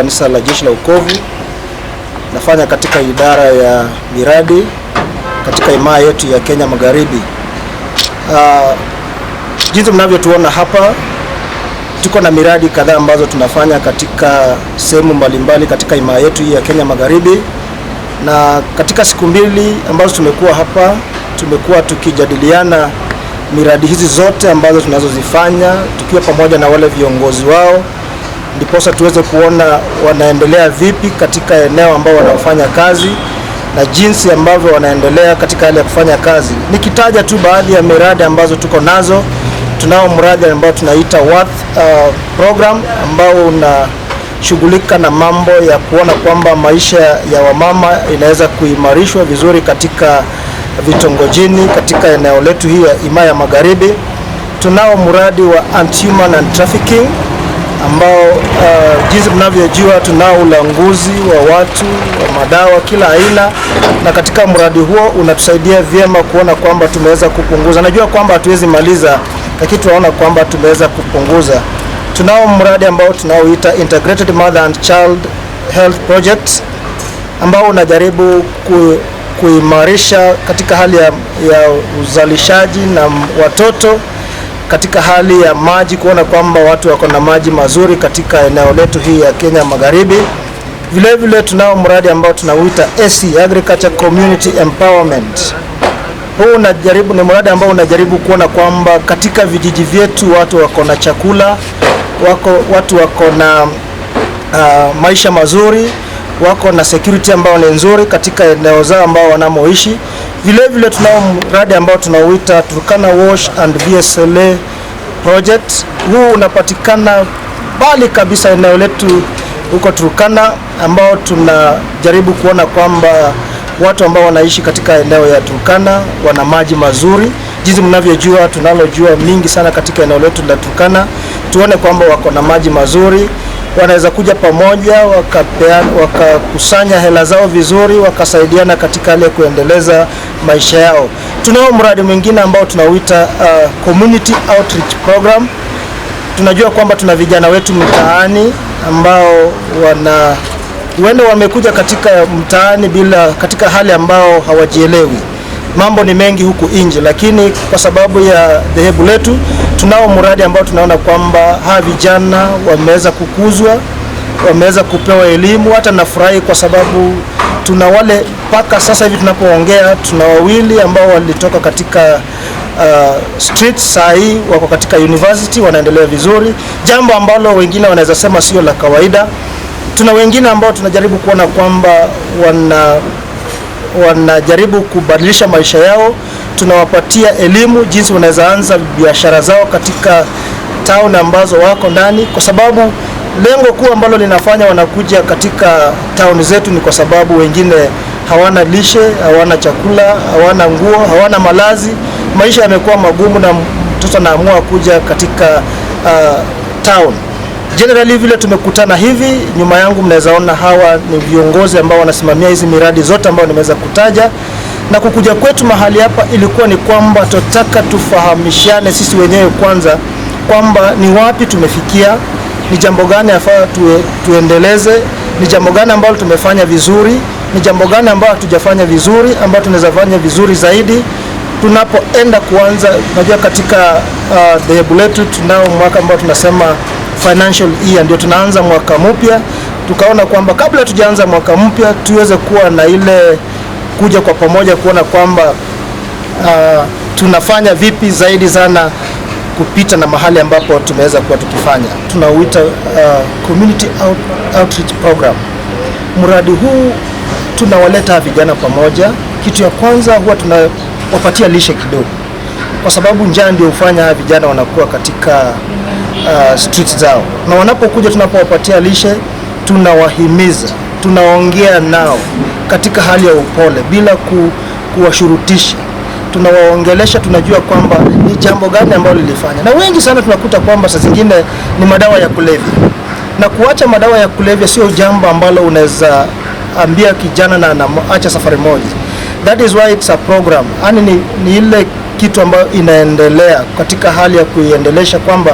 Kanisa la Jeshi la Wokovu nafanya katika idara ya miradi katika imaa yetu ya Kenya Magharibi. Uh, jinsi mnavyotuona hapa, tuko na miradi kadhaa ambazo tunafanya katika sehemu mbalimbali katika imaa yetu hii ya Kenya Magharibi, na katika siku mbili ambazo tumekuwa hapa, tumekuwa tukijadiliana miradi hizi zote ambazo tunazozifanya tukiwa pamoja na wale viongozi wao ndiposa tuweze kuona wanaendelea vipi katika eneo ambao wanaofanya kazi na jinsi ambavyo wanaendelea katika hali ya kufanya kazi. Nikitaja tu baadhi ya miradi ambazo tuko nazo, tunao mradi ambao tunaita Worth uh, program ambao unashughulika na mambo ya kuona kwamba maisha ya wamama inaweza kuimarishwa vizuri katika vitongojini katika eneo letu hii ya Imaya ya Magharibi. Tunao mradi wa anti-human and trafficking ambao uh, jinsi mnavyojua tunao ulanguzi wa watu wa madawa kila aina, na katika mradi huo unatusaidia vyema kuona kwamba tumeweza kupunguza. Najua kwamba hatuwezi maliza, lakini tunaona kwamba tumeweza kupunguza. Tunao mradi ambao tunaoita Integrated Mother and Child Health Project ambao unajaribu ku, kuimarisha katika hali ya, ya uzalishaji na watoto katika hali ya maji, kuona kwamba watu wako na maji mazuri katika eneo letu hii ya Kenya Magharibi. Vilevile tunao mradi ambao tunauita AC Agriculture Community Empowerment. Huu unajaribu ni mradi ambao unajaribu kuona kwamba katika vijiji vyetu watu wako na chakula, wako watu wako na uh, maisha mazuri, wako na security ambayo ni nzuri katika eneo zao ambao wanamoishi. Vilevile tunao mradi ambao tunauita Turkana Wash and VSLA project. Huu unapatikana mbali kabisa eneo letu huko Turkana, ambao tunajaribu kuona kwamba watu ambao wanaishi katika eneo ya Turkana wana maji mazuri. Jinsi mnavyojua tunalojua mingi sana katika eneo letu la Turkana, tuone kwamba wako na maji mazuri wanaweza kuja pamoja wakakusanya waka hela zao vizuri, wakasaidiana katika hali ya kuendeleza maisha yao. Tunao mradi mwingine ambao tunauita uh, community outreach program. Tunajua kwamba tuna vijana wetu mtaani ambao wana huenda wamekuja katika mtaani bila katika hali ambao hawajielewi mambo ni mengi huku nje, lakini kwa sababu ya dhehebu letu tunao mradi ambao tunaona kwamba hawa vijana wameweza kukuzwa, wameweza kupewa elimu. Hata nafurahi kwa sababu tuna wale mpaka sasa hivi tunapoongea tuna wawili ambao walitoka katika uh, street saa hii wako katika university wanaendelea vizuri, jambo ambalo wengine wanaweza sema sio la kawaida. Tuna wengine ambao tunajaribu kuona kwamba wana wanajaribu kubadilisha maisha yao. Tunawapatia elimu jinsi wanaweza anza biashara zao katika town ambazo wako ndani, kwa sababu lengo kuu ambalo linafanya wanakuja katika town zetu ni kwa sababu wengine hawana lishe, hawana chakula, hawana nguo, hawana malazi. Maisha yamekuwa magumu na mtoto anaamua kuja katika uh, town. Generali, vile tumekutana hivi, nyuma yangu mnawezaona hawa ni viongozi ambao wanasimamia hizi miradi zote ambayo nimeweza kutaja, na kukuja kwetu mahali hapa ilikuwa ni kwamba tunataka tufahamishane sisi wenyewe kwanza kwamba ni wapi tumefikia, ni jambo gani afaa tue, tuendeleze, ni jambo gani ambalo tumefanya vizuri, ni jambo gani ambalo hatujafanya vizuri, ambalo tunaweza fanya vizuri zaidi tunapoenda kuanza. Najua katika uh, letu tunao mwaka ambao tunasema financial year, ndio tunaanza mwaka mpya. Tukaona kwamba kabla tujaanza mwaka mpya tuweze kuwa na ile kuja kwa pamoja kuona kwamba uh, tunafanya vipi zaidi sana kupita na mahali ambapo tumeweza kuwa tukifanya. Tunauita uh, community out, outreach program. Mradi huu tunawaleta vijana pamoja. Kitu ya kwanza huwa tunawapatia lishe kidogo, kwa sababu njaa ndio hufanya vijana wanakuwa katika uh, streets zao, na wanapokuja tunapowapatia lishe tunawahimiza, tunaongea nao katika hali ya upole bila ku, kuwashurutisha tunawaongelesha tunajua kwamba ni jambo gani ambalo lilifanya. Na wengi sana tunakuta kwamba saa zingine ni madawa ya kulevya, na kuacha madawa ya kulevya sio jambo ambalo unaweza ambia kijana na anaacha safari moja. That is why it's a program, yani ni, ni ile kitu ambayo inaendelea katika hali ya kuiendelesha kwamba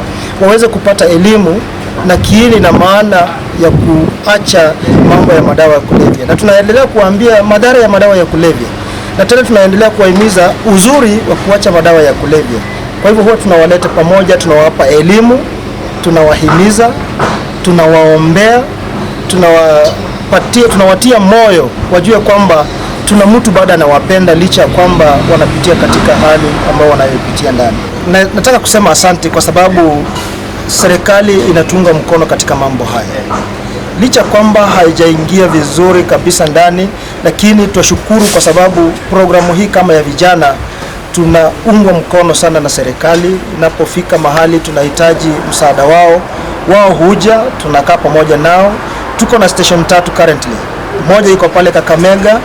waweze kupata elimu na kiini na maana ya kuacha mambo ya madawa ya kulevya, na tunaendelea kuambia madhara ya madawa ya kulevya, na tena tunaendelea kuwahimiza uzuri wa kuacha madawa ya kulevya. Kwa hivyo huwa tunawaleta pamoja, tunawapa elimu, tunawahimiza, tunawaombea, tunawapatia, tunawatia moyo, wajue kwamba tuna mtu bado anawapenda licha ya kwamba wanapitia katika hali ambayo wanayopitia ndani. Na nataka kusema asante kwa sababu serikali inatunga mkono katika mambo haya, licha kwamba haijaingia vizuri kabisa ndani, lakini twashukuru kwa sababu programu hii kama ya vijana tunaungwa mkono sana na serikali. Inapofika mahali tunahitaji msaada wao, wao huja, tunakaa pamoja nao. Tuko na station tatu currently, moja iko pale Kakamega,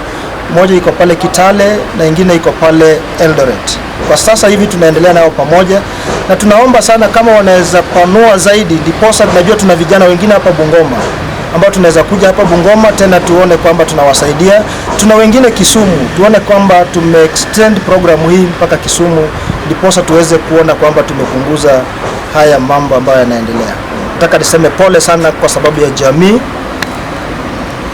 moja iko pale Kitale na ingine iko pale Eldoret. Kwa sasa hivi tunaendelea nao pamoja na tunaomba sana kama wanaweza panua zaidi, ndiposa tunajua tuna vijana wengine hapa Bungoma ambao tunaweza kuja hapa Bungoma tena tuone kwamba tunawasaidia. Tuna wengine Kisumu, tuone kwamba tume extend programu hii mpaka Kisumu, ndiposa tuweze kuona kwamba tumepunguza haya mambo ambayo yanaendelea. Nataka niseme pole sana kwa sababu ya jamii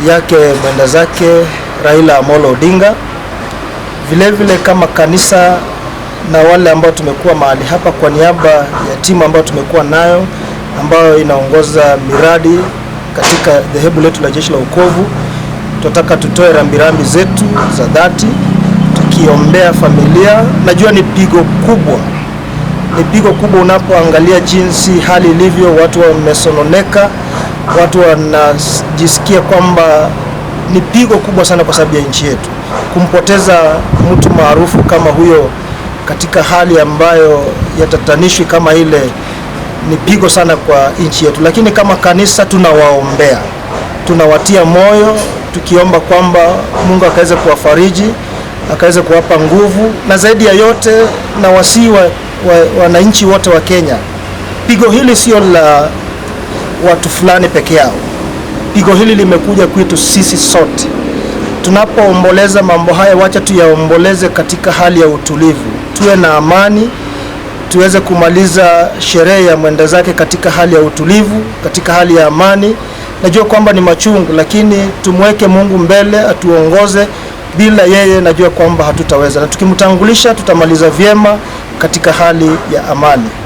yake mwenda zake Raila Amolo Odinga, vilevile kama kanisa na wale ambao tumekuwa mahali hapa kwa niaba ya timu ambayo tumekuwa nayo ambayo inaongoza miradi katika dhehebu letu la Jeshi la Wokovu. Tunataka tutoe rambirambi zetu za dhati, tukiombea familia. Najua ni pigo kubwa, ni pigo kubwa unapoangalia jinsi hali ilivyo. Watu wamesononeka, watu wanajisikia kwamba ni pigo kubwa sana kwa sababu ya nchi yetu kumpoteza mtu maarufu kama huyo katika hali ambayo yatatanishwi kama ile ni pigo sana kwa nchi yetu, lakini kama kanisa tunawaombea, tunawatia moyo tukiomba kwamba Mungu akaweze kuwafariji, akaweze kuwapa nguvu, na zaidi ya yote na wasii wa, wa, wananchi wote wa Kenya, pigo hili sio la watu fulani peke yao. Pigo hili limekuja kwetu sisi sote. Tunapoomboleza mambo haya, wacha tuyaomboleze katika hali ya utulivu tuwe na amani, tuweze kumaliza sherehe ya mwenda zake katika hali ya utulivu, katika hali ya amani. Najua kwamba ni machungu, lakini tumweke Mungu mbele, atuongoze. Bila yeye najua kwamba hatutaweza, na tukimtangulisha tutamaliza vyema katika hali ya amani.